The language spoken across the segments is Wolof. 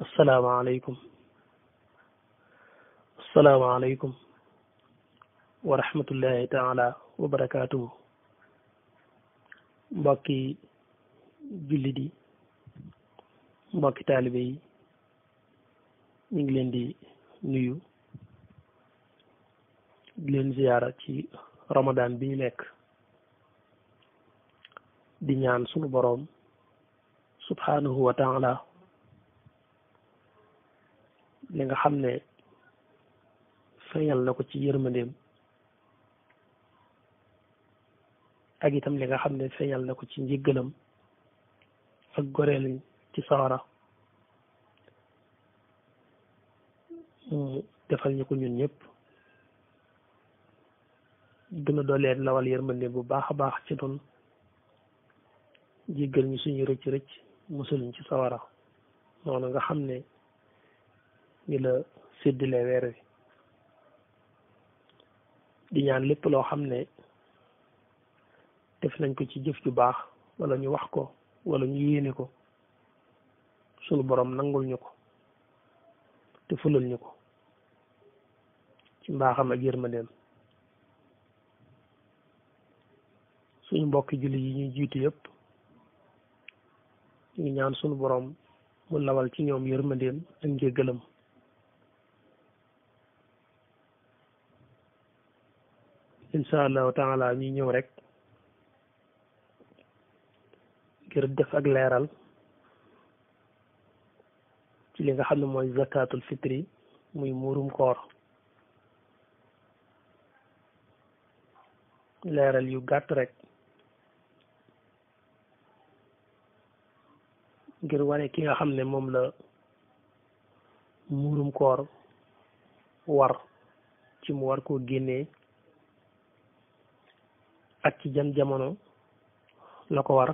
asalaamaaleykum asalaamaaleykum wa rahmatullahi taala wa barakaatuhu mbokki jullit yi mbokki taalibe yi ñu ngi leen di nuyu di leen ziyaara ci ramadan bi ñu nekk di ñaan sunu boroom subhanahu wa taala li nga xam ne feeñal na ko ci yërmandeem ak itam li nga xam ne feeñal na ko ci njëggalam ak goreelu ci sawara mu defal ñu ko ñun ñëpp gën a dooleen lawal yërmande bu baax a baax ci noonu jéggal ñu suñu rëcc rëcc musulñ ci sawara noonu nga xam ne ni la séddale weer wi di ñaan lépp loo xam ne def nañ ko ci jëf ju baax walla ñu wax ko wala ñu yéene ko sunu boroom nangul ñu ko te fulal ñu ko ci mbaaxam ak yërmandeem suñu mbokki julli yi ñuy jiitu yëpp ñu ñaan sunu borom mu lawal ci ñoom yërmandeem ak njëggalam incha allahu taala ñuy ñëw rek ngir def ak leeral ci li nga xam ne mooy zakatul fitri muy muurum koor leral yu gàtt rek ngir wane ki nga xam ne moom la muurum koor war ci mu war koo génnee ak ci jan jamono la ko war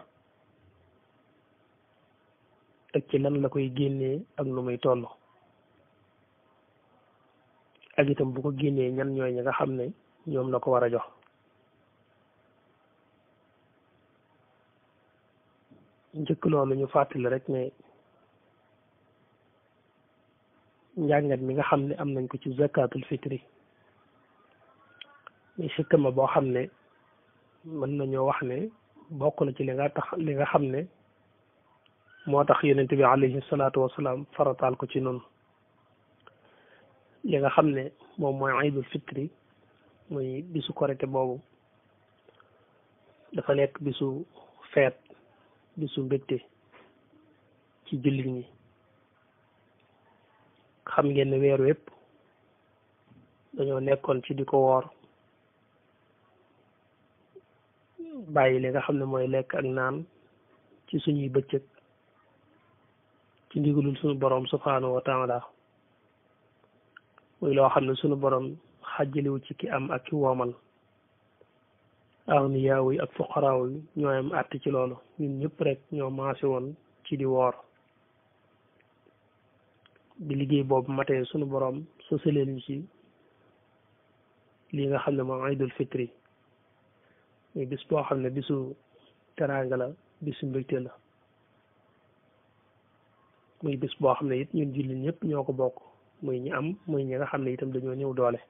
ak ci lan la koy génnee ak nu muy toll ak itam bu ko génnee ñan ñooy ñi nga xam ne ñoom la ko war a jox njëkk loolu ñu fàttali rek ne njàngat mi nga xam ne am nañ ko ci zakatul fitri muy sikkama boo xam ne mën nañu wax ne bokk na ci li nga li nga xam ne moo tax yonent bi alayhi salaatu wasalaam ko ci noonu li nga xam ne moom mooy aydul fitri muy bisu korite boobu dafa nekk bisu feet bisu mbégte ci jullit ñi xam ngeen ne weer wépp dañoo nekkoon ci di ko woor bàyyi li nga xam ne mooy lekk ak naan ci suñuy bëccëg ci ndigalul suñu borom subhaanahu wa taala muy loo xam ne suñu borom xàjjaliwu ci ki am ak ki woomal agniyaaw yi ak fuqaraaw yi ñooyam àtt ci loolu ñun ñëpp rek ñoo maase woon ci di woor bi liggéey boobu matee boroom borom sosaleen ñu ci lii nga xam ne moom aydul fitri muy bis boo xam ne bisu teraanga la bisu mbégte la muy bis boo xam ne it ñun jullit ñëpp ñoo ko bokk muy ñu am muy ñi nga xam ne itam dañoo ñëw doole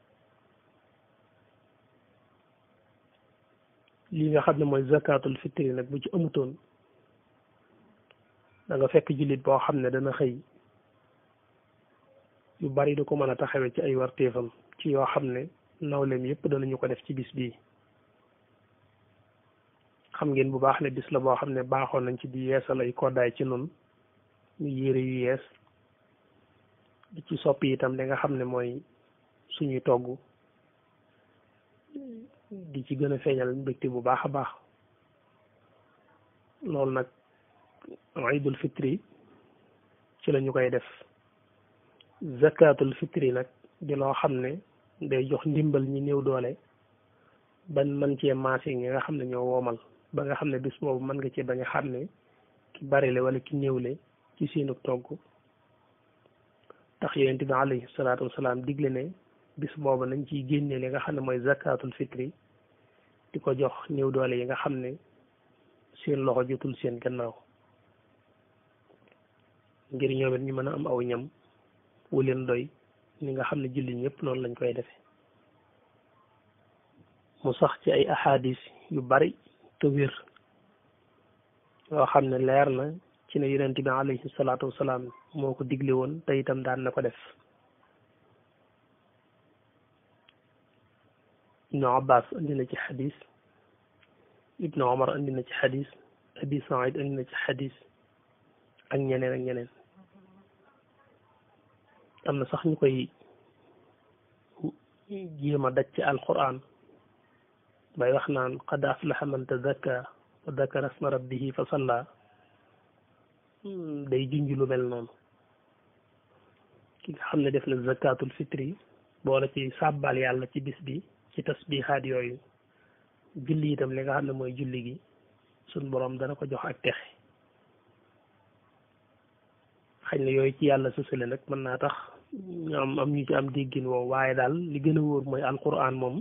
lii nga xam ne mooy zakatul fitri nag bu ci amutoon danga fekk jullit boo xam ne dana xëy yu bari du ko mën a taxawee ci ay warteefam ci yoo xam ne nawleem yépp danañu ko def ci bis bii xam ngeen bu baax ne bis la boo xam ne baaxoon nañ ci di yeesal ay koddaay ci nun ñu yére yu yees di ci soppi itam li nga xam ne mooy suñuy togg di ci gën a feeñal mbégte bu baax a baax loolu nag waaye iidul fitri ci lañu koy def zakatul fitri nag di loo xam ne day jox ndimbal ñi néew doole ban mën cee maase ñi nga xam ne ñoo woomal ba nga xam ne bis boobu mën nga cee bañ a xam ne ki barile wala ki le ci seenu togg tax yonent bi alayhi salaatu wasalaam digle ne bis boobu nañ ciy génne li nga xam ne mooy zakatul fitri di ko jox néew doole yi nga xam ne seen loxo jotul seen gannaaw ngir ñoom ñu mën a am aw ñam wu leen doy ni nga xam ne jullit ñëpp noonu lañ koy defe mu sax ci ay ahadis yu bari te wér yoo xam ne leer na ci ne yonent bi alayhi moo ko digle woon te itam daan na ko def ابن عباس عندنا حديث ابن عمر عندنا حديث أبي سعيد عندنا حديث عن ينين عن ينين أما صحن كوي جيما دكي القرآن باي قد أفلح من تذكى وذكر اسم ربه فصلى داي جنجلو مل نون كي خمنا دفل الزكاة الفطري بولتي سابال يالا تي بس بي ci tasbihaat yooyu julli itam li nga xam ne mooy julli gi suñ boroom dana ko jox ak texe xañ na yooyu ci yàlla sosale nag mën naa tax ñu am ñu ci am déggin woow waaye daal li gën a wóor mooy alquran moom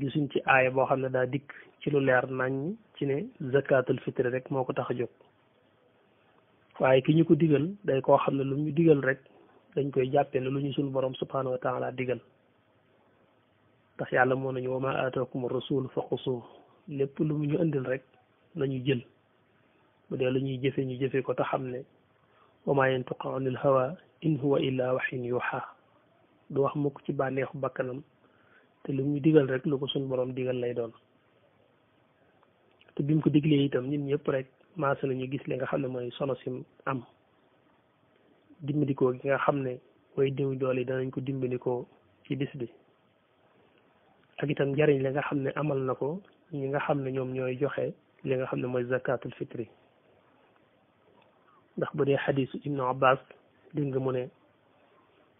gisuñ ci aaya boo xam ne daa dikk ci lu leer nañ ci ne zakatul fitri rek moo ko tax a jóg waaye ki ñu ko digal day koo xam ne lu ñu digal rek dañ koy jàppee ne lu ñu suñ borom subhanahu wa taala digal ndax yàlla moo nañu wa ma aataakum rasul fa qusuuh lépp lu mu ñu indil rek nañu jël bu dee lu ñuy jëfe ñu jëfe ko te xam ne wa ma yantiqu anil hawa in huwa illa waxin yuha du wax mukk ci bànneexu bakkanam te lu mu digal rek lu ko suñ borom digal lay doon te bi mu ko diglee itam ñun ñëpp rek maasa nañu gis li nga xam ne mooy sono sim am dimbandikoo ki nga xam ne way diw doole yi danañ ko dimbandikoo ci bis bi ak itam njëriñ li nga xam ne amal na ko ñi nga xam ne ñoom ñooy joxe li nga xam ne mooy zakatul fitri ndax bu dee xadisu ibnu abbas dégg nga mu ne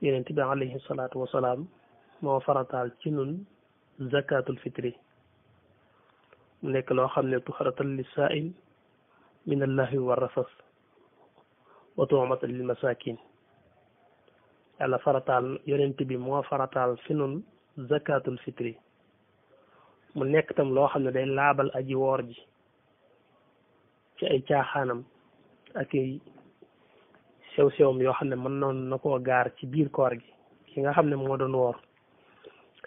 yeneen bi alayhi salaatu wasalaam moo farataal ci nun zakatul fitri mu nekk loo xam ne tuxaratan lisaa'il min allahi wa rafas wa tuumatan lil masakin yàlla farataal yonent bi moo farataal fi nun zakatul fitri mu nekk tam loo xam ne day laabal aji woor ji ci ay caaxaanam ak ay sew sewam yoo xam ne mën noonu na koo gaar ci biir koor gi ki nga xam ne moo doon woor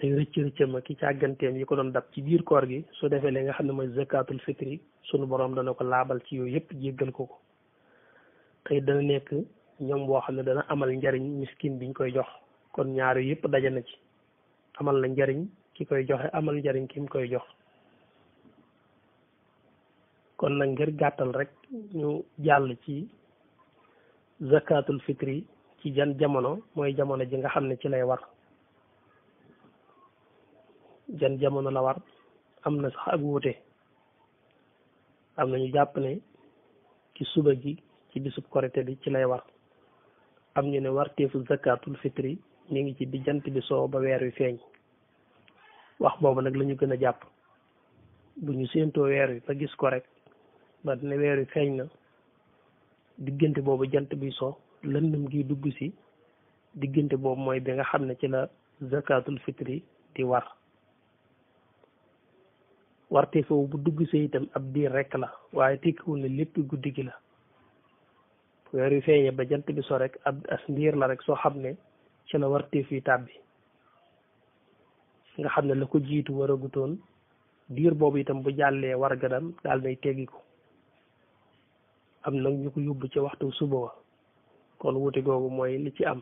ay rëcc rëccam ak i càgganteem yi ko doon dab ci biir koor gi su defee li nga xam ne mooy zakatul fitri sunu borom dana ko laabal ci yooyu yëpp jéggal ko ko te dana nekk ñoom boo xam ne dana amal njariñ miskin biñ koy jox kon ñaar yooyu yëpp daje na ci amal na njariñ ki koy joxe amal njariñ ki mu koy jox kon nag ngir gàttal rek ñu jàll ci zakatul fitri ci jan jamono mooy jamono ji nga xam ne ci lay war jan jamono la war am na sax ak wuute am na ñu jàpp ne ci suba ji ci bisub korité bi ci lay war am ñu ne warteefu zakatul fitri mi ngi ci di jant bi soo ba weer wi feeñ wax boobu nag lañu gën a jàpp bu ñu séentoo weer wi ba gis ko rek ba ne weer wi feeñ na diggante boobu jant bi so lëndëm gi dugg si diggante boobu mooy bi nga xam ne ci la zakatul fitri di war warte foofu bu dugg see itam ab diir rek la waaye tekkiwul ne lépp guddi gi la weer wi feeñee ba jant bi so rek ab as ndiir la rek soo xam ne ci la warteef yi tàbbi nga xam ne la ko jiitu waragutoon diir boobu itam bu jàllee war gadam daal day teggi ko am nag ñu ko yóbbu ca waxtu suba wa kon wuute googu mooy li ci am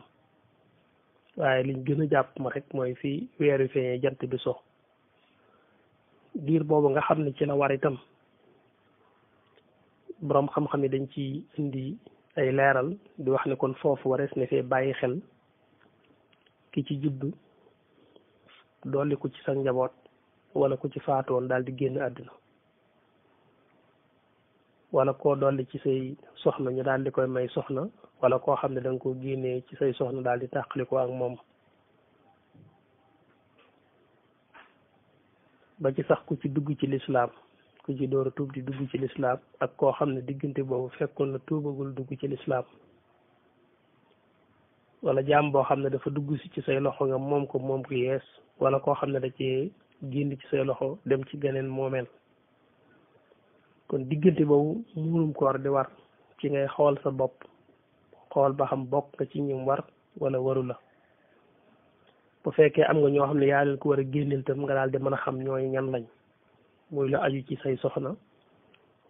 waaye liñ gën a jàpp ma rek mooy fii weeru feeñee jant bi so diir boobu nga xam ne ci la war itam boroom xam-xam yi dañ ci indi ay leeral di wax ne kon foofu warees ne fee bàyyi xel ki ci juddu dolli ku ci sa njaboot wala ku ci faatoon daal di génn àdduna wala koo dolli ci say soxna ñu daal di koy may soxna wala koo xam ne da koo ko génnee ci say soxna daal di tàqalikoo ak moom ba ci sax ku ci dugg ci lislaam ku ci door a tuub di dugg ci lislaam ak koo xam ne diggante boobu fekkoon na tuubagul dugg ci lislaam wala jaam boo xam ne dafa dugg si ci say loxo nga moom ko moom ko yees wala koo xam ne da cee génn ci say loxo dem ci geneen moomeel kon diggante boobu muurum war di war ci ngay xool sa bopp xool ba xam bokk nga ci ñum war wala waru la bu fekkee am nga ñoo xam ne yaa leen ko war a génneel tam nga daal di mën a xam ñooy ñan lañ muy la aju ci say soxna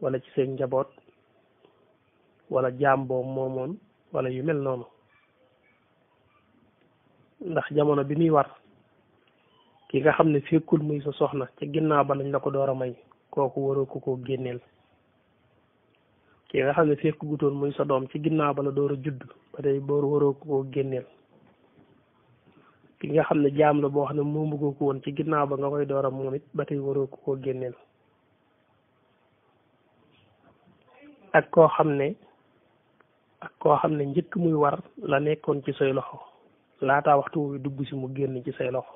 wala ci say njaboot wala jaam boobu moomoon wala yu mel noonu ndax jamono bi muy war ki nga xam ne fekkul muy sa soxna ci ginnaaw ba lañ la ko door a may kooku waroo koo génneel ki nga xam ne fekk gutoon muy sa doom ci ginnaaw ba la door a judd ba tey boor koo génneel ki nga xam ne jaam la boo xam ne moomu ko woon ci ginnaaw ba nga koy door a moom it ba tey waroo koo génneel ak koo xam ne ak koo xam ne njëkk muy war la nekkoon ci say loxo laataa waxtu dugg si mu génn ci say loxo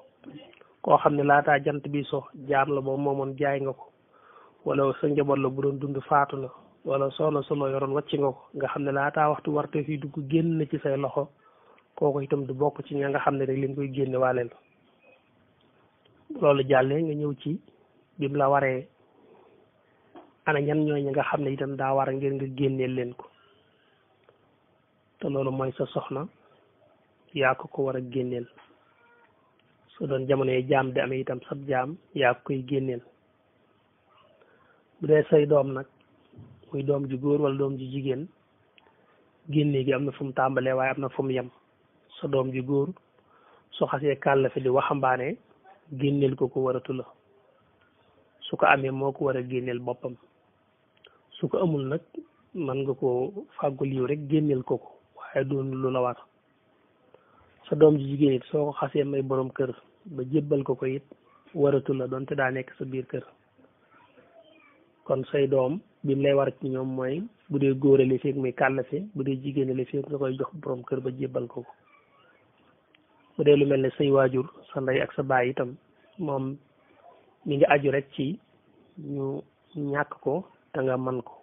koo xam ne laataa jant bi so jaam la boo moomoon jaay nga ko wala sa njaboot la bu doon dund faatu na wala soxna solo yoroon wàcc nga ko nga xam ne laataa waxtu warte dugg génn ci say loxo kooku itam du bokk ci ña nga xam ne rek leen koy génne waaleel loolu jàllee nga ñëw ci bim la waree ana ñan ñooy ñi nga xam ne itam daa war a ngir nga génneel leen ko te loolu mooy sa soxna yaa ko ko war a génneel su doon jamonoy jaam di amee itam sab jaam yaa koy génneel bu dee say doom nag muy doom ju góor wala doom ji jigéen génne gi am na fu mu tàmbalee waaye am na fu mu yem sa doom ju góor su xasee kàllafe di waxambaane génneel ko ko waratu la su ko amee moo ko war a génneel boppam su ko amul nag mën nga koo fàggul yow rek génneel ko ko waaye doon lu la war sa doom ji jigéen it soo ko xasee may boroom kër ba jébbal ko ko it waratu la donte daa nekk sa biir kër kon say doom bim lay war ci ñoom mooy bu dee góor la feeg muy kàllafe bu dee jigéen la feeg nga koy jox boroom kër ba jébbal ko ko bu dee lu mel ne say waajur sa ndey ak sa baay itam moom mi ngi aju rekk ci ñu ñàkk ko te nga man ko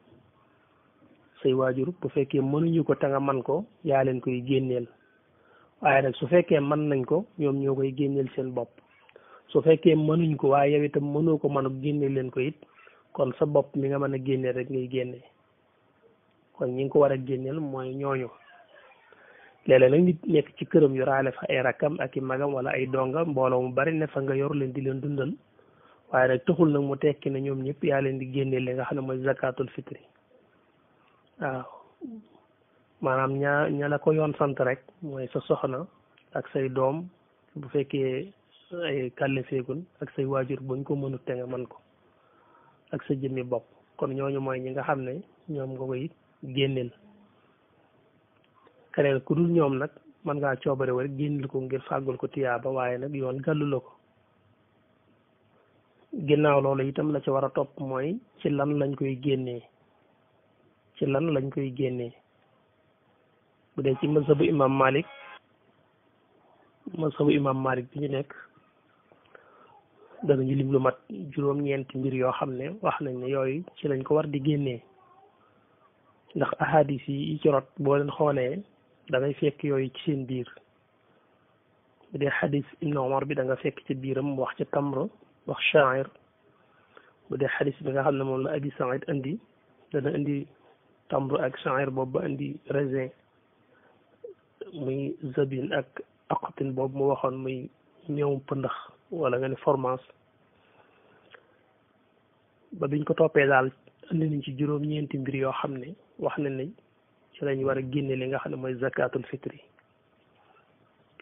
say waajur bu fekkee mënuñu ko te nga man ko yaa leen koy génneel waaye nag su fekkee mën nañ ko ñoom ñoo koy génneel seen bopp su fekkee mënuñ ko waaye yow itam mënoo ko mën a génneel leen ko it kon sa bopp mi nga mën a génneel rek ngay génne kon ñi nga ko war a génneel mooy ñooñu léeg nag nit nekk ci këram yoraale fa ay rakkam ak i magam wala ay donga mbooloo mu bari ne fa nga yor leen di leen dundal waaye nag taxul nag mu tekki na ñoom ñëpp yaa leen di génneel li nga xam ne mooy zakatul fitri waaw maanaam ñaa ña la ko yoon sant rek mooy sa soxna ak say doom bu fekkee ay kàllifeegun ak say waajur buñ ko mënut te nga mën ko ak sa jëmmi bopp kon ñooñu mooy ñi nga xam ne ñoom nga koy génneel keneen ku dul ñoom nag mën ngaa coobare war génneel ko ngir fàggul ko tiyaaba waaye nag yoon gàllu ko ginnaaw loolu itam la ci war a topp mooy ci lan lañ koy génnee ci lan lañ koy génnee bu dee ci mazhabu imam malik mazhabu imam malik bi ñu nekk danañu lim lu mat juróom-ñeenti mbir yoo xam ne wax nañ ne yooyu ci lañ ko war di génnee ndax ahadis yi ci rot boo leen xoolee dangay ngay fekk yooyu ci seen biir bu dee xadis ibnu omar bi da nga fekk ci biiram wax ci tamr wax shaair bu dee xadis bi nga xam ne moom la abi said indi dana indi tamr ak shaair boobu ba indi raisin muy zabil ak aqatil boobu mu waxoon muy ñëw pëndax wala nga ne formance ba biñ ko toppee daal indi nañ ci juróom-ñeenti mbir yoo xam ne wax nañ ne ci lañ war a génne li nga xam ne mooy zakatul fitri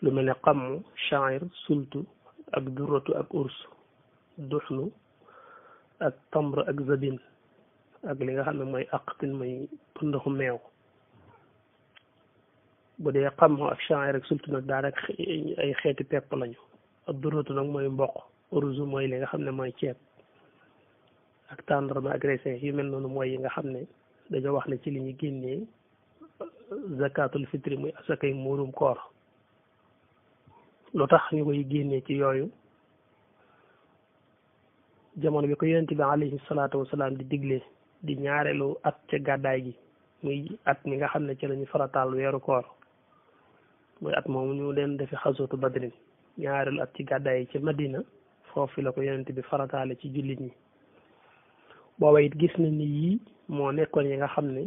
lu mel ne xamu sha'ir sultu ak durratu ak urs duxlu ak tamr ak zabin ak li nga xam ne mooy aqatil muy pëndaxu meew bu dee xamoo ak chanre ak sultu nag daanaka ay xeeti pepp lañu ab duróotu nag mooy mboq ruzu mooy li nga xam ne mooy ceeb ak tàndarma ak raisin yu mel noonu mooy yi nga xam ne dañoo wax ne ci li ñu génnee zakatul fitri muy asakay muurum koor loo tax ñu koy génnee ci yooyu jamono bi ko yonent bi alayhi salaatu wasalaam di digle di ñaareelu at ci gàddaay gi muy at mi nga xam ne ci lañuy farataal weeru koor mooy at moomu ñu leen defi xasootu badrin ñaareelu at ci gàddaay ci madina foofu la ko yonent bi farataale ci jullit ñi booba it gis na ni yii moo nekkoon yi nga xam ne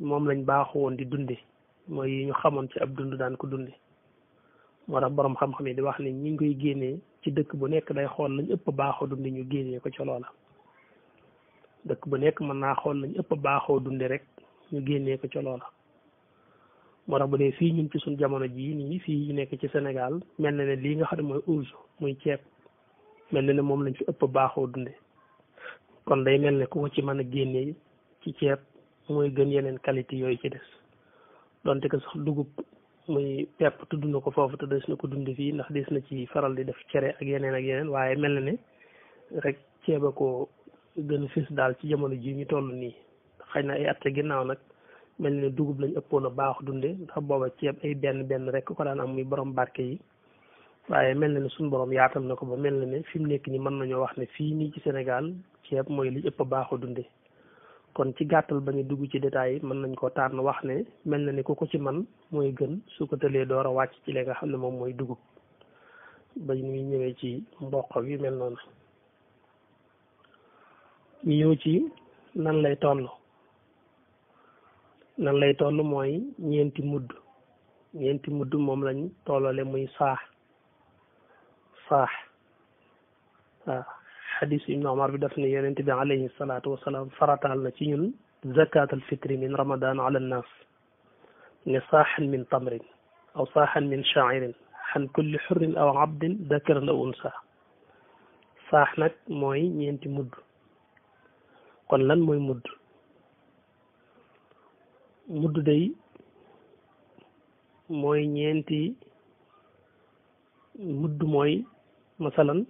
moom lañ baaxu woon di dunde mooy yi ñu xamoon ci ab dund daan ko dunde moo tax boroom xam-xam yi di wax ni ñu ngi koy génnee ci dëkk bu nekk day xool lañ ëpp baaxoo dunde ñu génnee ko ci loola dëkk bu nekk mën naa xool lañ ëpp baaxoo dunde rek ñu génnee ko ci loola moo tax bu dee fii ñun ci suñ jamono jii nii fii ñu nekk ci Sénégal mel na ne lii nga xam ne mooy urge muy ceeb mel na ne moom lañ fi ëpp baaxoo dunde kon day mel ne ku ko ci mën a génnee ci ceeb mooy gën yeneen qualité yooyu ci des donte que sax dugub muy pepp tudd na ko foofu te des na ko dund fii ndax des na ci faral di def cere ak yeneen ak yeneen waaye mel na ne rek ceeba ko gën a fës daal ci jamono ji ñu toll nii xëy na ay at ginnaaw nag mel na ni dugub lañ ëppoon a baax dunde ndax booba ceeb ay benn benn rekk ko daan am muy borom barke yi waaye mel na ne suñu borom yaatal na ko ba mel na ne fi mu nekk nii mën nañoo wax ne fii nii ci Sénégal ceeb mooy li ëpp a baax a dunde kon ci gàttal ba ñu dugg ci détails yi mën nañ koo tànn wax ne mel na ni ku ko ci man mooy gën su ko tëlee door a wàcc ci li nga xam ne moom mooy dugub ba ñuy ñëwee ci mboq wi mel noonu ñu ñëw ci nan lay toll nan lay toll mooy ñeenti mudd ñeenti mudd moom lañ tollale muy saax saax waaw xadis ibnu omar bi daf ne yonente bi alayhi salaatu wasalaam farataal na ci ñun zakat al fitri min ramadan ala annas ne saaxan min tamrin aw saaxan min shairin xan kulli xurrin aw abdin dakaran la unsa saax nag mooy ñeenti mudd kon lan mooy mudd mudd day mooy ñeenti mudd mooy masalan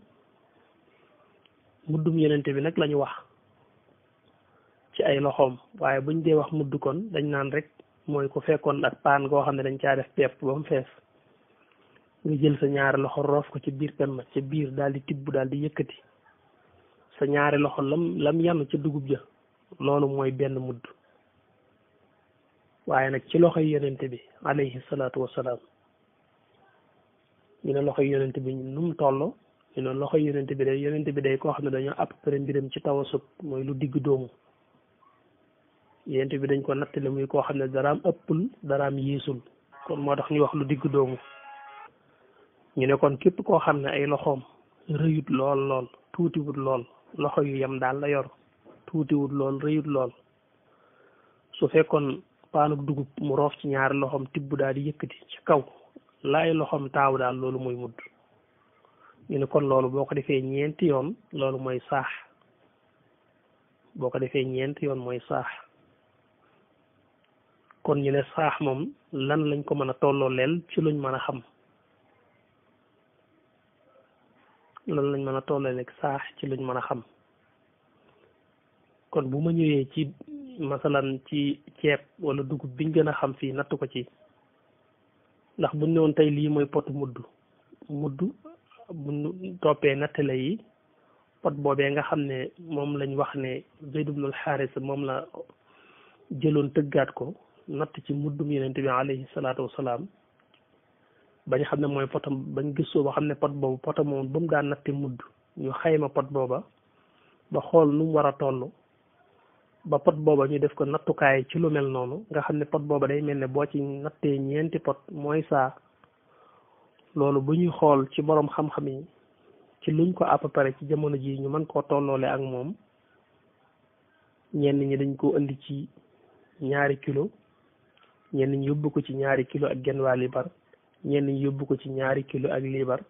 muddum yenente bi nag la wax ci ay loxoom waaye buñ dee wax mudd kon dañ naan rek mooy ku fekkoon ak paan goo xam ne dañ ca def pepp ba mu fees nga jël sa ñaari loxo roof ko ci biir pen ma ca biir daal di tibb daal di yëkkati sa ñaari loxo lam lam yanu ca dugub ja loolu mooy benn mudd waaye nag ci loxoy yonent bi alayhi salaatu wasalaam ñu ne loxoy yonent bi nu mu toll ñu ne loxoy yonent bi day yonent bi day koo xam ne dañoo à peu près mbiram ci tawasut mooy lu digg doomu yonent bi dañ ko nattale muy koo xam ne daraam ëppul daraam yéesul kon moo tax ñu wax lu digg doomu ñu ne kon képp koo xam ne ay loxoom rëyut lool lool tuutiwut lool loxo yu yam daal la yor tuutiwut lool rëyut lool su fekkoon paanub dugub mu roof ci ñaari loxoom tibb daal di yëkkati ci kaw laay loxoom taaw daal loolu mooy mudd ñu ne kon loolu boo ko defee ñeenti yoon loolu mooy saax boo ko defee ñeenti yoon mooy saax kon ñu ne saax moom lan lañ ko mën a tolloo leel ci luñ mën a xam lan lañ mën a tolloo leeg saax ci luñ mën a xam kon bu ma ñëwee ci masalan ci ceeb wala dugub biñ gën a xam fii natt ko ci ndax buñ ne woon tey lii mooy pot mudd mudd buñ natt la yi pot boobee nga xam ne moom lañ wax ne Zayd ibnul Xaaris moom la jëloon tëggaat ko natt ci muddum yonente bi alayhi salaatu wasalaam bañ xam ne mooy potam bañ gëstoo ba xam ne pot boobu potam moom ba mu daan natti mudd ñu xayma pot booba ba xool nu mu war a toll ba pot booba ñu def ko nattukaay ci lu mel noonu nga xam ne pot booba day mel ne boo ci nattee ñeenti pot mooy saa loolu bu ñuy xool ci boroom xam-xam yi ci luñ ko à peu ci jamono ji ñu mën koo tolloole ak moom ñenn ñi dañ koo indi ci ñaari kilo ñenn ñi yóbbu ko ci ñaari kilo ak genn waa liibar ñenn ñi yóbbu ko ci ñaari kilo ak liibar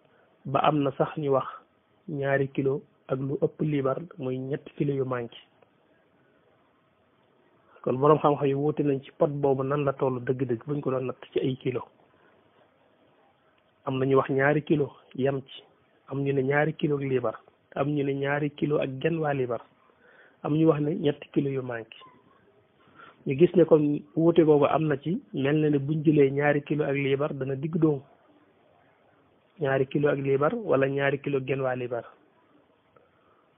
ba am na sax ñu wax ñaari kilo ak lu ëpp liibar muy ñett kilo yu manqué kon borom xam-xam yi wuute nañ ci pot boobu nan la toll dëgg-dëgg buñ ko doon natt ci ay kilo am na ñu wax ñaari kilo yam ci am ñu ne ñaari kilo ak liibar am ñu ne ñaari kilo ak genn waa liibar wax ne ñetti kilo yu manqué ñu gis ne kon wuute googu am na ci mel na ne buñ jëlee ñaari kilo ak liibar dana digg doomu ñaari kilo ak liibar wala ñaari kilo genn waa liibar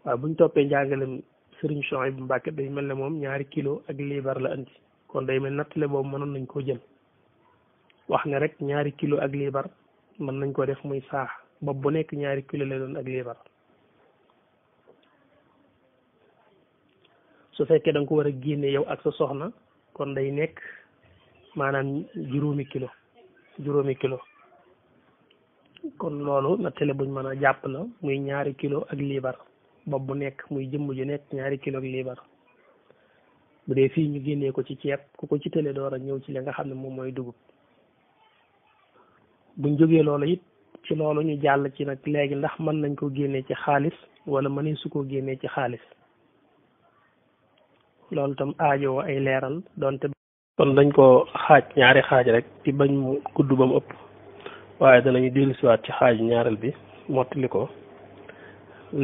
waaw buñ toppee njàngalem sëriñ Chouaïb Mbacke day mel ne moom ñaari kilo ak liibar la andi kon day mel nattale boobu mënoon nañ koo jël wax ne rek ñaari kilo ak liibar mën nañ ko def muy saax bopp bu nekk ñaari kilo la doon ak liibar su fekkee da ko war a génne yow ak sa soxna kon day nekk maanaam juróomi kilo juróomi kilo kon loolu nattale buñ mën a jàpp na muy ñaari kilo ak liibar bopp bu nekk muy jëmm ju nekk ñaari kilo ak liibar bu dee fii ñu génnee ko ci ceeb ku ko ci tële door a ñëw ci li nga xam ne moom mooy dugub buñ jógee loolu it ci loolu ñu jàll ci nag léegi ndax mën nañ koo génnee ci xaalis wala mënee su ko génnee ci xaalis loolu tam aajowoo ay leeral donte kon dañ koo xaaj ñaari xaaj rek ci bañ mu gudd ba mu ëpp waaye danañu dellusiwaat ci xaaj ñaareel bi mottali ko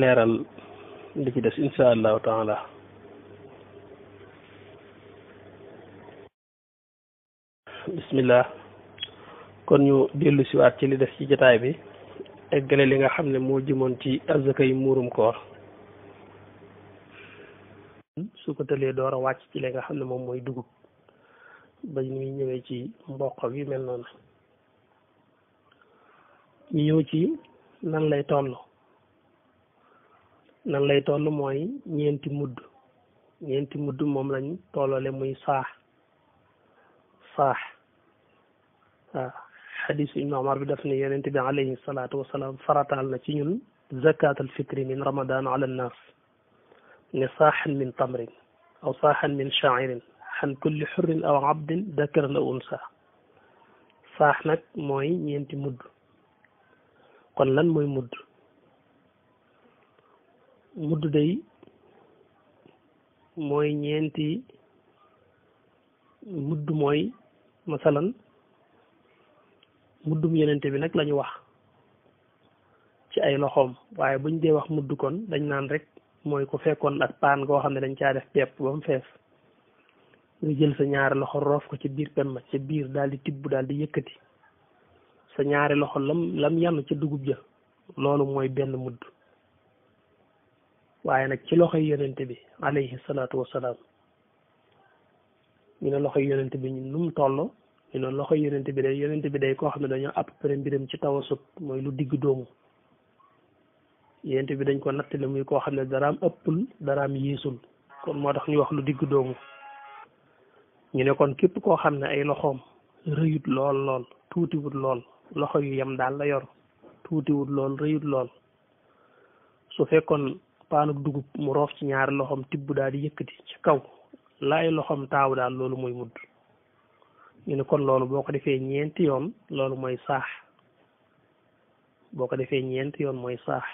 leeral li ci des insha allahu taala bismillah kon ñu dellu siwaat ci li def ci jataay bi eggale li nga xam ne moo jimoon ci azaka yi muurum koor su ko tëlee door a wàcc ci li nga xam ne moom mooy dugub ba ni muy ñëwee ci mboq yu mel noonu ñu ñëw ci nan lay toll nan lay toll mooy ñeenti mudd ñeenti mudd moom lañ tollale muy saax saax waaw xadisu ibnu omar bi daf ne yonente bi alayhi salaatu wasalaam faratal na ci ñun zakat al fitri min ramadan ala annas ne saaxan min tamrin aw saaxan min shairin xan kulli xurrin aw abdin dakaran la unsa saax nag mooy ñeenti mudd kon lan mooy mudd mudd day mooy ñeenti mudd mooy masalan muddum yenente bi nag la wax ci ay loxoom waaye buñ dee wax mudd kon dañ naan rek mooy ku fekkoon ak paan goo xam ne dañ caa def pepp ba mu fees nga jël sa ñaari loxo roof ko ci biir ma ca biir daal di tibb daal di yëkkati sa ñaari loxo lam lam yànn ca dugub ja loolu mooy benn mudd waaye nag ci loxoy yonent bi alayhi salaatu wasalaam ñu ne loxoy yonent bi ñun nu mu toll ñu ne loxoy yonent bi day yonent bi day koo xam ne dañoo àpp pare mbiram ci tawasut mooy lu digg doomu yonent bi dañ ko nattale muy koo xam ne daraam ëppul daraam yéesul kon moo tax ñu wax lu digg doomu ñu ne kon képp koo xam ne ay loxoom rëyut lool lool tuutiwut lool loxo yu yem daal la yor tuutiwut lool rëyut lool su fekkoon paanuk dugub mu roof ci ñaari loxoom tibb daal di yëkkati ci kaw laay loxoom taaw daal loolu mooy mudd ñu ne kon loolu boo ko defee ñeenti yoon loolu mooy saax boo ko defee ñeenti yoon mooy saax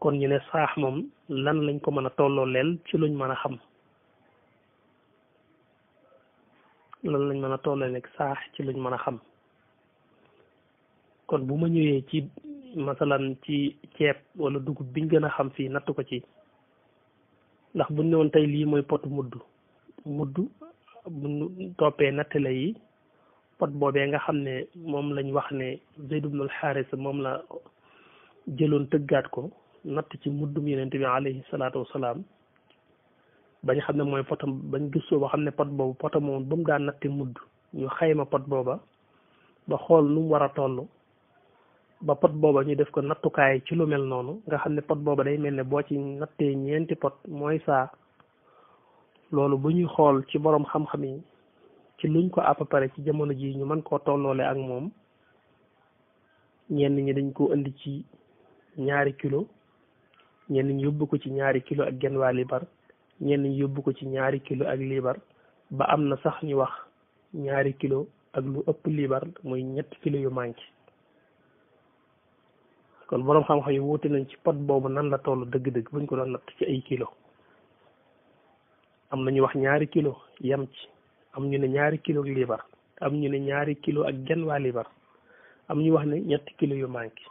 kon ñu ne saax moom lan lañ ko mën a tolloo leel ci luñ mën a xam loolu lañ mën a tolloo nekk saax ci luñ mën a xam kon bu ma ñëwee ci masalan ci ceeb walla dugub biñ gën a xam fii natt ko ci ndax buñ ne woon tey lii mooy pot mudd mudd buñ natt la yi pot boobee nga xam ne moom lañ wax ne Zayd ibnul Xaaris moom la jëloon tëggaat ko natt ci muddum yonent bi alayhi salaatu wasalaam bañ xam ne mooy potam bañ gëstoo ba xam ne pot boobu potam moom ba mu daan natti mudd ñu xayma pot booba ba xool lu mu war a toll ba pot booba ñu def ko nattukaay ci lu mel noonu nga xam ne pot booba day mel ne boo ci nattee ñeenti pot mooy saa loolu bu ñuy xool ci boroom xam-xam yi ci luñ ko à peu ci jamono ji ñu mën koo tolloole ak moom ñenn ñi dañ ko indi ci ñaari kilo ñenn ñi yóbbu ko ci ñaari kilo ak genn waa libar ñenn ñi yóbbu ko ci ñaari kilo ak libar ba am na sax ñu wax ñaari kilo ak lu ëpp libar muy ñett kilo yu manqué kon borom xam-xam yi wuute nañ ci pot boobu nan la toll dëgg-dëgg buñ ko doon natt ci ay kilo am na ñu wax ñaari kilo yam ci am ñu ne ñaari kilo ak liibar am ñu ne ñaari kilo ak genn waa am ñu wax ne ñetti kilo yu manqué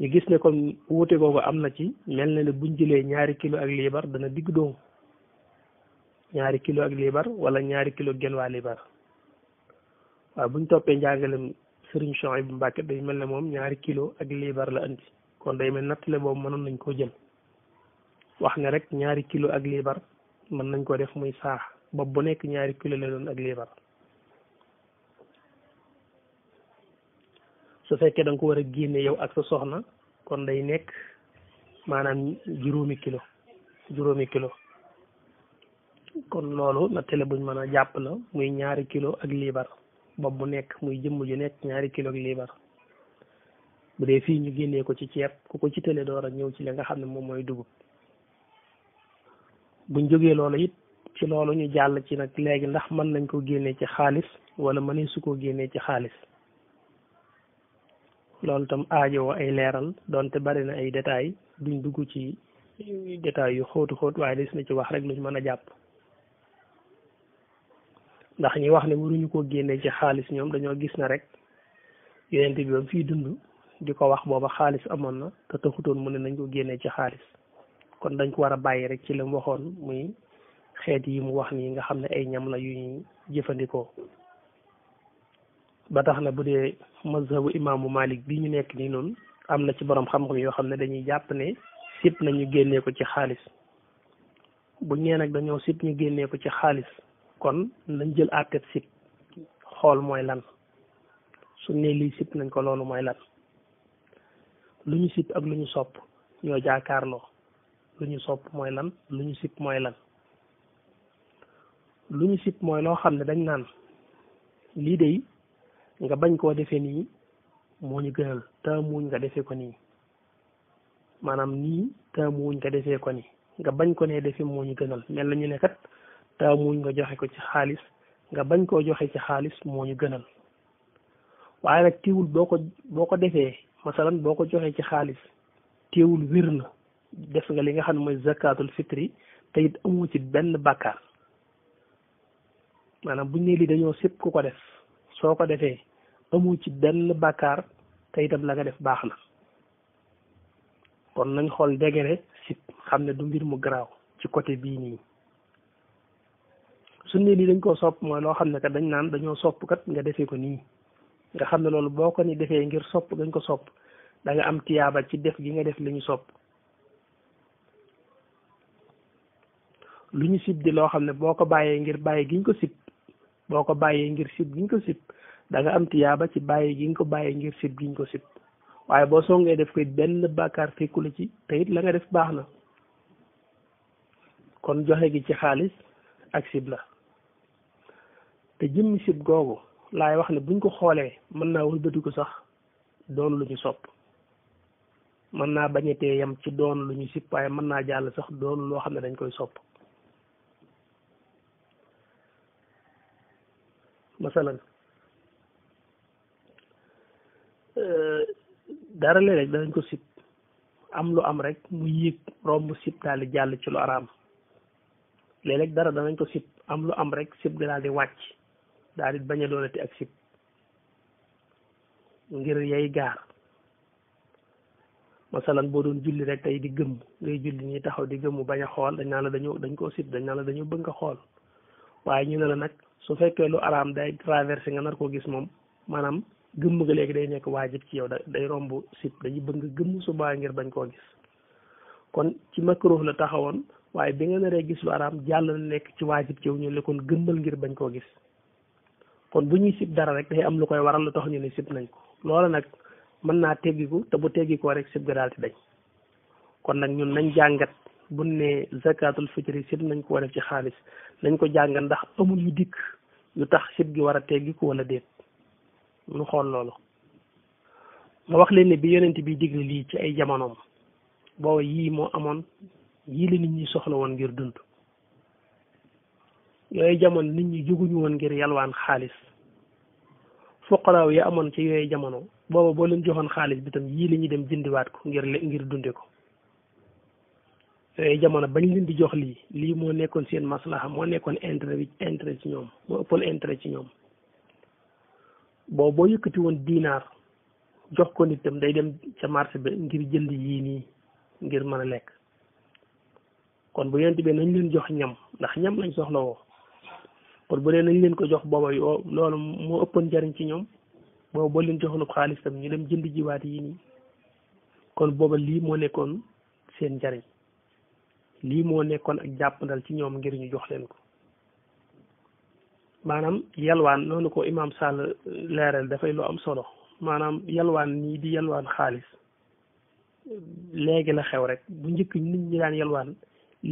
ñu gis ne kon wuute googu am na ci mel na ne buñ jëlee ñaari kilo ak liibar dana digg doomu ñaari kilo ak liibar wala ñaari kilo genn waa liibar waaw buñ toppee njàngalem sëriñ Chouaïb Mbacke day mel na moom ñaari kilo ak liibar la andi kon day mel nattale boobu mënoon nañ koo jël wax ne rek ñaari kilo ak liibar mën nañ koo def muy saax bopp bu nekk ñaari kilo lay doon ak liibar su fekkee da ko war a génne yow ak sa soxna kon day nekk maanaam juróomi kilo juróomi kilo kon loolu nattale buñ mën a jàpp la muy ñaari kilo ak liibar bopp mu nekk muy jëmm ju nekk ñaari kilo ak liibar bu dee fii ñu génnee ko ci ceeb ku ko ci tële door a ñëw ci li nga xam ne moom mooy dugub buñ jógee loolu it ci loolu ñu jàll ci nag léegi ndax mën nañ koo génnee ci xaalis wala mënee su koo génnee ci xaalis loolu tam aajowoo ay leeral donte bari na ay détails duñ dugg ci détails yu xóotu xóot waaye des na ci wax rek luñ mën a jàpp ndax ñi wax ne ñu koo génnee ci xaalis ñoom dañoo gis na rek yonent bi ba fii dund di ko wax booba xaalis amoon na te taxutoon mu ne nañ ko génnee ci xaalis kon dañ ko war a bàyyi rek ci la waxoon muy xeet yi mu wax nii nga xam ne ay ñam la yu ñu jëfandikoo ba tax na bu dee mazhabu imaamu Malik bi ñu nekk nii noonu am na ci borom xam-xam yoo xam ne dañuy jàpp ne sip nañu génnee ko ci xaalis buñ nee nag dañoo sip ñu génnee ko ci xaalis kon nañ jël àtteeb sit xool mooy lan su ne lii sib nañ ko loolu mooy lan lu ñu sit ak lu ñu sopp ñoo jaakaarloo lu ñu sopp mooy lan lu ñu sib mooy lan lu ñu sib mooy loo xam ne dañ naan lii de nga bañ koo defee nii moo ñu gënal taamuwuñ nga defee ko nii maanaam nii taamuwuñ nga defee ko nii nga bañ ko nee defee moo ñu gënal mel na ñu ne taamuñ nga joxe ko ci xaalis nga bañ koo joxe ci xaalis moo ñu gënal waaye nag teewul boo ko boo ko defee masalan boo ko joxee ci xaalis teewul wér na def nga li nga xam ne mooy zakatul fitri te it amoo ci benn bàkkaar maanaam bu ne lii dañoo sépp ku ko def soo ko defee amoo ci benn bakkaar te itam la nga def baax na kon nañ xool degere sit xam ne du mbir mu garaaw ci côté bii nii suñ ne lii dañ koo sopp mooy loo xam ne kat dañ naan dañoo sopp kat nga defee ko nii nga xam ne loolu boo ko ni defee ngir sopp dañ ko sopp danga nga am tiyaaba ci def gi nga def li ñu lu ñu sib loo xam ne boo ko bàyyee ngir bàyyi gi ko sib boo ko bàyyee ngir sib gi ko sib da nga am tiyaaba ci bàyyi gi nga ko bàyyee ngir sib gi ko sib waaye boo ngee def koy benn bàkkaar fekku la ci te la nga def baax na kon joxe gi ci xaalis ak sib la te jëmmi sib googu laay wax ne buñ ko xoolee mën naa wëlbati ko sax doon lu ñu sopp mën naa bañetee yam ci doon lu ñu sib waaye mën naa jàll sax doon loo xam ne dañ koy sopp masalan euh, dara léeg-léeg danañ ko sib am lu am rek mu yéeg romb sib daal jàll ci araam léeg-léeg dara danañ ko sib am lu am rek sib gi di wàcc daal di bañ a doonati ak sib ngir yay gaar masalan boo doon julli rek tey di gëmm ngay julli ñuy taxaw di gëmm bañ a xool dañ naa la dañu dañ koo sib dañ naa la dañu bëgg nga xool waaye ñu ne la nag su fekkee lu araam day traversé nga nar koo gis moom maanaam gëmm nga léegi day nekk waajib ci yow da day romb sib dañu bëgg nga gëmm subaa ngir bañ koo gis kon ci makruh la taxawoon waaye bi nga naree gis lu araam jàll na nekk ci waajib ci yow ñu ne kon ngir bañ koo gis kon bu ñuy sib dara rek day am lu koy waral lu tax ñu ne nañ ko loola nag mën naa teggiku te bu teggikoo rek sib ga daal di dañ kon nag ñun nañ jàngat bu ne zakatul fitri sib nañ ko def ci xaalis nañ ko jàngat ndax amul yu dikk lu tax sib gi war a teggiku wala déet ñu xool loolu ma wax leen ne bi yonent bi digle lii ci ay jamonoom booba yii moo amoon yii la nit ñi soxla woon ngir dund yooyu jamono nit ñi jóguñu woon ngir yalwaan xaalis fuqaraaw yi amoon ci yooyu jamono booba boo leen joxoon xaalis bi tam yii la ñuy dem jëndiwaat ko ngir ngir dunde ko yooyu jamono bañ leen di jox lii lii moo nekkoon seen maslaha moo nekkoon intérêt bi ci ñoom moo ëppoon intérêt ci ñoom boobu boo yëkkati woon diinaar jox ko nit day dem ca marché bi ngir jënd yii nii ngir mën a lekk kon bu yonent bi nañ leen jox ñam ndax ñam lañ soxla woo kon bu dee nañ leen ko jox booba yoo loolu moo ëppoon njariñ ci ñoom booba boo leen joxoon xaalis tam ñu dem jënd jiwaat yi nii kon booba lii moo nekkoon seen njariñ lii moo nekkoon ak jàppandal ci ñoom ngir ñu jox leen ko maanaam yalwaan noonu ko imaam Sall leeral dafay lu am solo maanaam yalwaan nii di yalwaan xaalis léegi la xew rek bu njëkk nit ñu daan yalwaan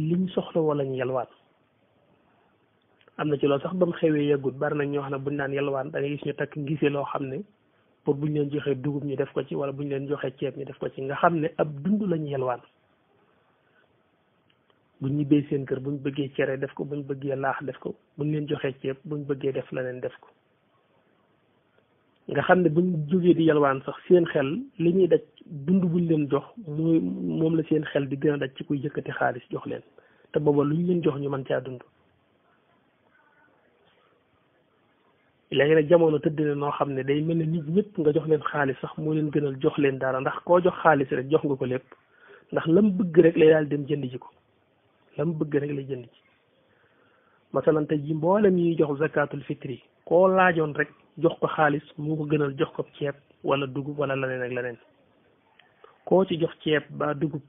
liñ soxla wala ñu yalwaan am na ci loolu sax ba mu xewee yàggut bari na ñoo xam ne buñ naan yalwaan da ngay gis ñu takk ngise loo xam ne pour buñ leen joxee dugub ñu def ko ci wala buñ leen joxee ceeb ñu def ko ci nga xam ne ab dund lañu yalwaan buñ ñibbee seen kër buñ bëggee cere def ko buñ bëggee laax def ko buñ leen joxee ceeb buñ bëggee def leneen def ko nga xam ne buñ jógee di yalwaan sax seen xel li ñuy daj dund buñ leen jox mooy moom la seen xel di gën a daj ci kuy yëkkati xaalis jox leen te booba ñu leen jox ñu man caa dund léegi nag jamono tëdd na noo xam ne day mel ne nit ñëpp nga jox leen xaalis sax moo leen gënal jox leen dara ndax koo jox xaalis rek jox nga ko lépp ndax lam bëgg rek lay daal dem jënd ji ko lam bëgg rek lay jënd ji masalan ji mboolem ñuy jox zakatul fitri koo laajoon rek jox ko xaalis moo gënal jox ko ceeb wala dugub wala leneen ak leneen koo ci jox ceeb ba dugub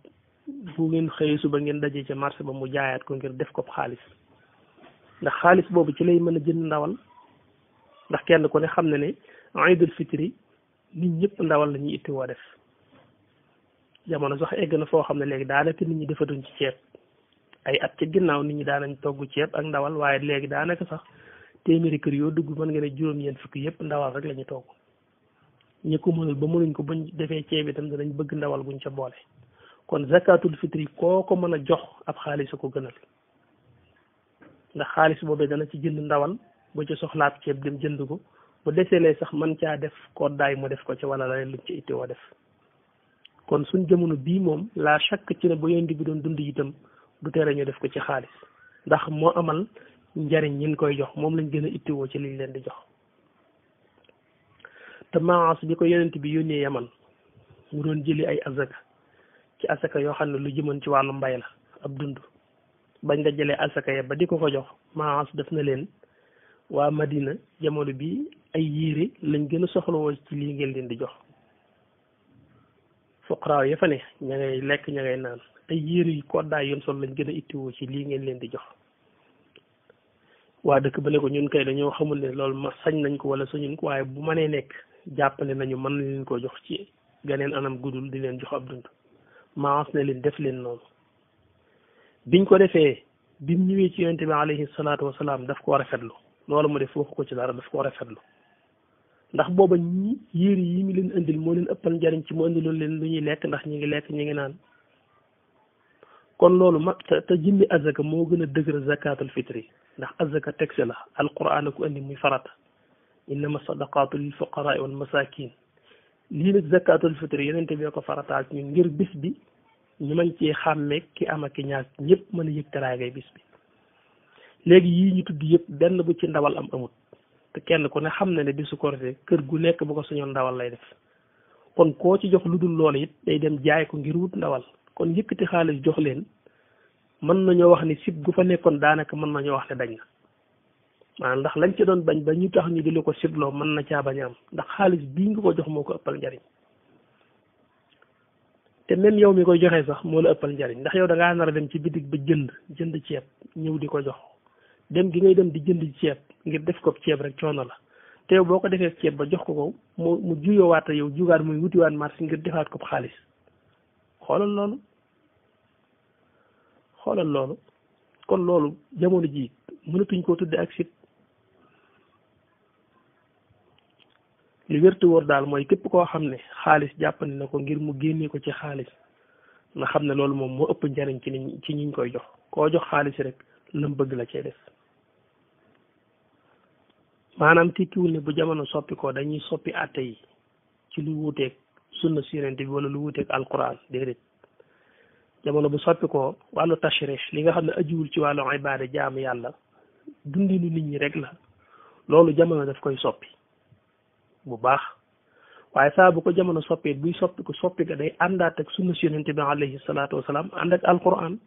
ngeen xëyee suba ngeen dajee ca marché ba mu jaayaat ko ngir def ko xaalis ndax xaalis boobu ci lay mën a jënd ndawal ndax kenn ku ne xam na ne iidul fitiri nit ñëpp ndawal la ñuy itti woo def jamono sax egg na foo xam ne léegi daanaka nit ñi defatuñ ci ceeb ay at ci ginnaaw nit ñi daanañ togg ceeb ak ndawal waaye léegi daanaka sax téeméeri kër yoo dugg mën nga ne juróom-ñeent fukki yëpp ndawal rek la ñu togg ñi ko mënul ba mënuñ ko buñ defee ceeb itam danañ bëgg ndawal buñ ca boole kon zakatul fitiri koo ko mën a jox ab xaalis a ko gënal ndax xaalis boobee dana ci jënd ndawal bu ci soxlaat ceeb dem jënd ko bu deselee sax man caa def koddaay mu def ko ci wala leneen luñ ci ittewoo def kon suñ jamono bii moom laa chaque ci ne bu yéen bi doon dund itam du tere ñu def ko ci xaalis ndax moo amal njariñ ñin koy jox moom lañ gën a ittewoo ci liñ leen di jox te maas bi ko yonent bi yónnee yaman mu doon jëli ay asaka ci asaka yoo xam ne lu jëmoon ci wàllu mbay la ab dund bañ nga jëlee asaka ba di ko ko jox maas def na leen waa Madina jamono bi ay yére lañ gën a soxlawoo ci lii ngeen leen di jox fuqaraaw ya fa ne ña ngay lekk ña ngay naan ay yére yu koddaay yoon sol lañ gën a ittiwoo ci lii ngeen leen di jox waa dëkk ba ne ko ñun kay dañoo xamul ne loolu ma sañ nañ ko wala sañuñ waaye bu mënee nekk jàppale nañu mën na leen koo jox ci ganeen anam guddul di leen jox ab dund maas ne leen def leen noonu biñ ko defee bi mu ñëwee ci yonente bi alayhi salaatu wasalaam daf koo rafetlu loolu mu def wax ko ci dara daf ko rafetlu ndax booba ñi yére yi mi leen indil moo leen ëppal njariñ ci mu indiloon leen lu ñuy lekk ndax ñi ngi lekk ñi ngi naan kon loolu ma te te jëmmi azaka moo gën a dëgër zakatul fitri ndax azaka texte la alquran ko indi muy farata innama sadaqatu lil fuqaraa wal masakin lii nag zakatul fitri yenente bi ko farataal ci ngir bis bi ñu mañ cee xàmmee ki am ak ki ñaar ñëpp mën a yëg teraangay bis bi léegi yii ñu tudd yëpp benn bu ci ndawal am amut te kenn ku ne xam na ne bi bisu korite kër gu nekk bu ko suñoon ndawal lay def kon koo ci jox lu dul loolu it day dem jaay ko ngir wut ndawal kon yëkkati xaalis jox leen mën nañoo wax ni sib gu fa nekkoon daanaka mën nañoo wax ne dañ na maanaam ndax lañ ci doon bañ ba ñu tax ñu di ko sibloo mën na caa bañ am ndax xaalis bii nga ko jox moo ko ëppal njariñ te même yow mi koy joxee sax moo la ëppal njariñ ndax yow da ngaa nar dem ci bitig ba jënd jënd ceeb ñëw di ko jox dem gi ngay dem di jënd ceeb ngir def ko ceeb rek coono la te boo ko defee ceeb ba jox ko ko mu mu juyoowaat yow jugaat muy wutiwaat marché ngir defaat ko xaalis xoolal loolu xoolal loolu kon loolu jamono ji mënatuñ koo tudde ak sit li wértu wóor daal mooy képp koo xam ne xaalis jàppandi na ko ngir mu génnee ko ci xaalis nga xam ne loolu moom moo ëpp njariñ ci niñ ci ñiñ koy jox koo jox xaalis rek lam bëgg la cee def maanaam tekkiwul ne bu jamono soppi ko dañuy soppi atte yi ci lu wuuteeg sunna si bi wala lu wuuteeg alquran déedéet jamono bu soppi ko wàllu tashrih li nga xam ne ajiwul ci wàllu ibaada jaamu yàlla dundinu nit ñi rek la loolu jamono daf koy soppi bu baax waaye saa bu ko jamono soppee buy soppi ko soppi ko day àndaat ak sunna si yonent bi alayhi salaatu wasalaam ànd ak alquran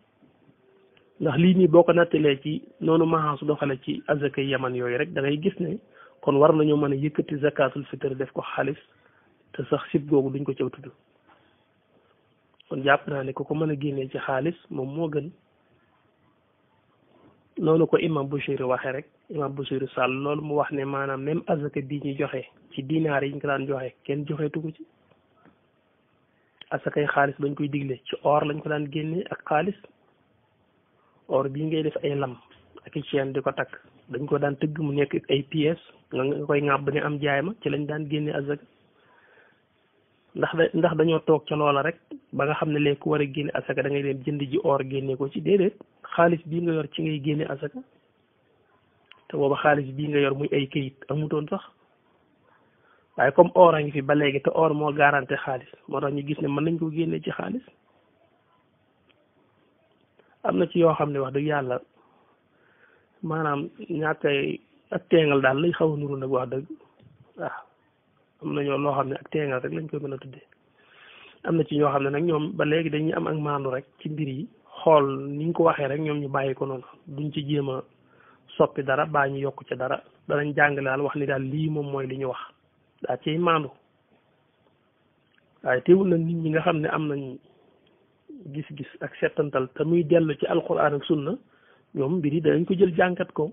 ndax lii nii boo ko nattalee ci noonu maha su doxale ci azaka yaman yooyu rek da gis ne kon war nañoo mën a yëkkati zakatul fitr def ko xaalis te sax sib googu duñ ko caw tudd kon jàpp naa ne ku ko mën a génnee ci xaalis moom moo gën noonu ko imam Bouchiri waxee rek bu Bouchiri Sall loolu mu wax ne maanaam même azaka bii ñu joxe ci dinaar yi ñu ko daan joxe kenn joxeetu ko ci asakay xaalis bañ koy digle ci or lañ ko daan génnee ak xaalis or bii ngay def ay lam ak i chaîne di ko takk dañ ko daan tëgg mu nekk ay pièces nga nga koy ŋàbb ne am jaay ma ci lañ daan génne azaka ndax da ndax dañoo toog ca loola rek ba nga xam ne léegi ku war a génne azaka da ngay dem jënd ji or génne ko ci déedéet xaalis bii nga yor ci ngay génne azaka te booba xaalis bii nga yor muy ay kayit amutoon sax waaye comme or a ngi fi ba léegi te or moo garanté xaalis moo tax ñu gis ne mën nañ koo génnee ci xaalis am na ci yoo xam ne wax dëgg yàlla maanaam ñàkkay ak teengal daal lañ xaw a nuru nag wax dëgg waaw am na ñoo loo xam ne ak teengal rek lañ koy mën a tudde am na ci ñoo xam ne nag ñoom ba léegi dañuy am ak maandu rek ci mbir yi xool niñ ko waxee rek ñoom ñu bàyyi ko noonu duñ ci jéem a soppi dara baa ñu yokk ci dara danañ jàng daal wax ni daal lii moom mooy li ñu wax daa ciy maandu waaye teewul nag nit ñi nga xam ne am nañ gis-gis ak settantal te muy dellu ci alquran ak sunna ñoom mbir yi danañ ko jël jànkat ko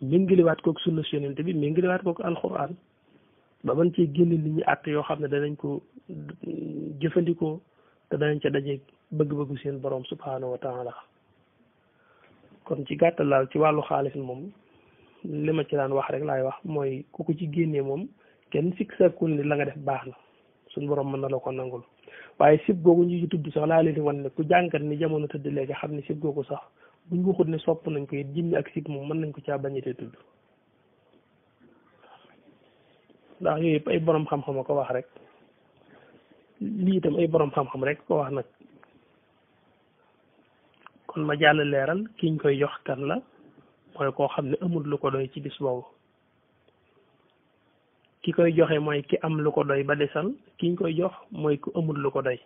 méngaliwaat kook sunna si yonente bi méngaliwaat kook alquran ba mën ci génn nit ñu àtt yoo xam ne danañ ko jëfandikoo te danañ ca daje bëgg-bëggu seen borom subhaanahu wa taala kon ci gàttal daal ci wàllu xaalis moom li ma ci daan wax rek laay wax mooy ku ko ci génnee moom kenn sikk sàkkul ni la nga def baax na suñ borom mën na la ko nangul waaye sib googu ñu ci tudd sax laa leen di wan ne ku jànkat ni jamono tëdd léegi xam ne sib googu sax buñ waxut ne sopp nañ ko it jinni ak sib moom mën nañ ko caa bañatee tudd ndax yooyu yëpp ay boroom xam-xam a ko wax rek lii itam ay boroom xam-xam rek ko wax nag kon ma jàll leeral kiñ koy jox kan la mooy koo xam ne amul lu ko doy ci bis boobu ki koy joxe mooy ki am lu ko doy ba desal ki ñu koy jox mooy ku amul lu ko doy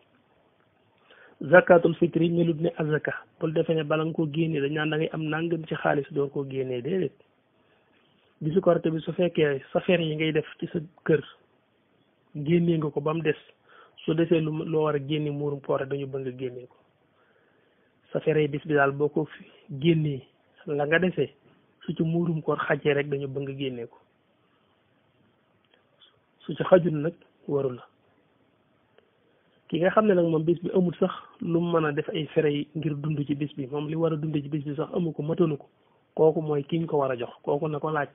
zakatul fitri melut ne azaka bul defe ne bala nga koo génnee dañ naan da ngay am nangam xaalis door koo génnee déedéet bisu korite bi su fekkee safeer yi ngay def ci sa kër génnee nga ko ba mu des su desee lu loo war a génne muurum dañu bëgg nga génnee ko safeer yi bis bi daal boo ko génnee la nga desee su ci muurum koor xajee rek dañu bëgg génnee ko su ci xajul nag waru la ki nga xam ne nag moom bis bi amul sax lu mën a def ay frais ngir dund ci bis bi moom li war a dund ci bis bi sax amu ko matanu ko kooku mooy kiñ ko war a jox kooku na ko laaj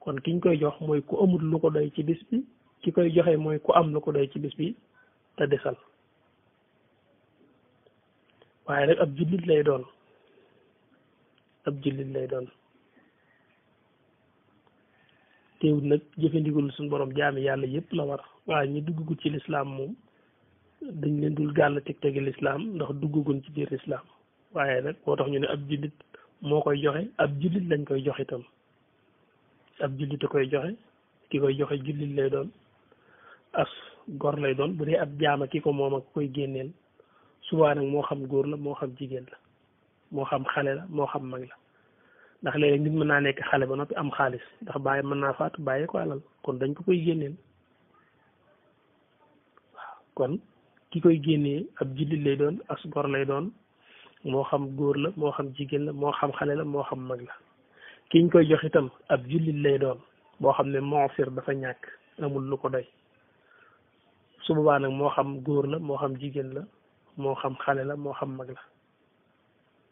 kon kiñ koy jox mooy ku amul lu ko doy ci bis bi ki koy joxe mooy ku am lu ko doy ci bis bi te desal waaye nag ab jullit lay doon ab jullit lay doon teewut nag jëfandikul suñ boroom jaami yàlla yëpp la war waaye ñi duggagut ci lislaam moom dañ leen dul gàll teg tegi lislaam ndax duggagun ci biir lislaam waaye nag moo tax ñu ne ab jullit moo koy joxe ab jullit lañ koy joxe itam ab jullit a koy joxe ki koy joxe jullit lay doon as gor lay doon bu dee ab jaama ki ko moom ak koy génneel subaa nag moo xam góor la moo xam jigéen la moo xam xale la moo xam mag la ndax léeg-léeg nit mën naa nekk xale ba noppi am xaalis ndax bàyyi mën naa faatu bàyyi ko alal kon dañ ko koy génneel kon ki koy génnee ab jullit lay doon as gor lay doon moo xam góor la moo xam jigéen la moo xam la moo xam mag la ki koy jox itam ab lay doon boo xam ne moosir dafa ñàkk amul lu ko doy su nag moo xam góor la moo xam jigéen la moo xam xale la moo xam mag la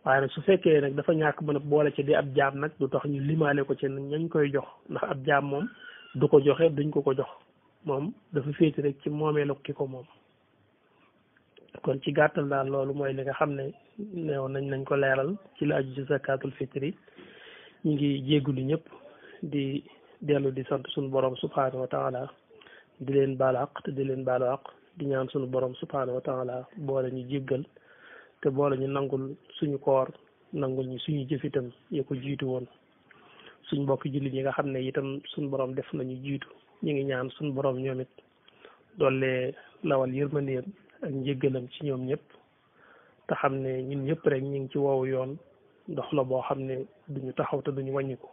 waaye su fekkee nag dafa ñàkk mën a boole ci di ab jaam nag lu tax ñu limaale ko ci ñañ koy jox ndax ab jaam moom du ko joxe duñ ko ko jox moom dafa féete rek ci moomeelu ki ko moom kon ci gàttal daal loolu mooy li nga xam ne neew nañ nañ ko leeral ci la aju ci zakatul fitri ñu ngi jéggulu ñëpp di dellu di sant suñu borom subhanahu wa taala di leen baalu àq te di leen baalo àq di ñaan suñu borom subhanahu wa taala boole ñu jéggal te boole ñu nangul suñu koor nangul ñu suñu jëf itam ya ko jiitu woon suñ mbokki jullit yi nga xam ne itam suñu borom def nañu jiitu ñu ngi ñaan suñu boroom ñoomit it doole lawal yërmandeem ak njëggalam ci ñoom ñëpp te xam ne ñun ñëpp rek ñu ngi ci woowu yoon ndox la boo xam ne duñu taxaw te duñu wàññiku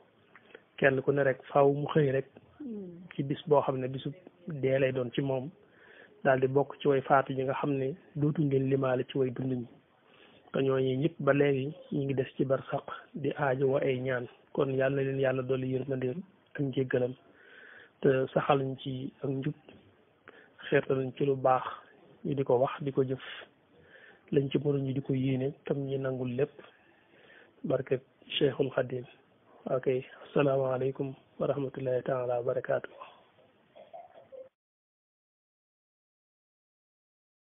kenn ku ne rek faaw mu xëy rek ci bis boo xam ne bisu dee doon ci moom daal di bokk ci way faatu ñi nga xam ne dootu ngeen limaale ci way dund te ñooñu ñit ba léegi ñu ngi des ci barsaq di aajo wa ay ñaan kon yàlla leen yàlla dolli yërmandeem ak njéggalam te saxal ñu ci ak njub xeetal ñu ci lu baax ñu di ko wax di ko jëf lañ ci mënu ñu di ko yéene tam ñu nangul lépp barke Cheikhul Khadim ok asalaamaaleykum wa rahmatullahi taala wa barakaatu.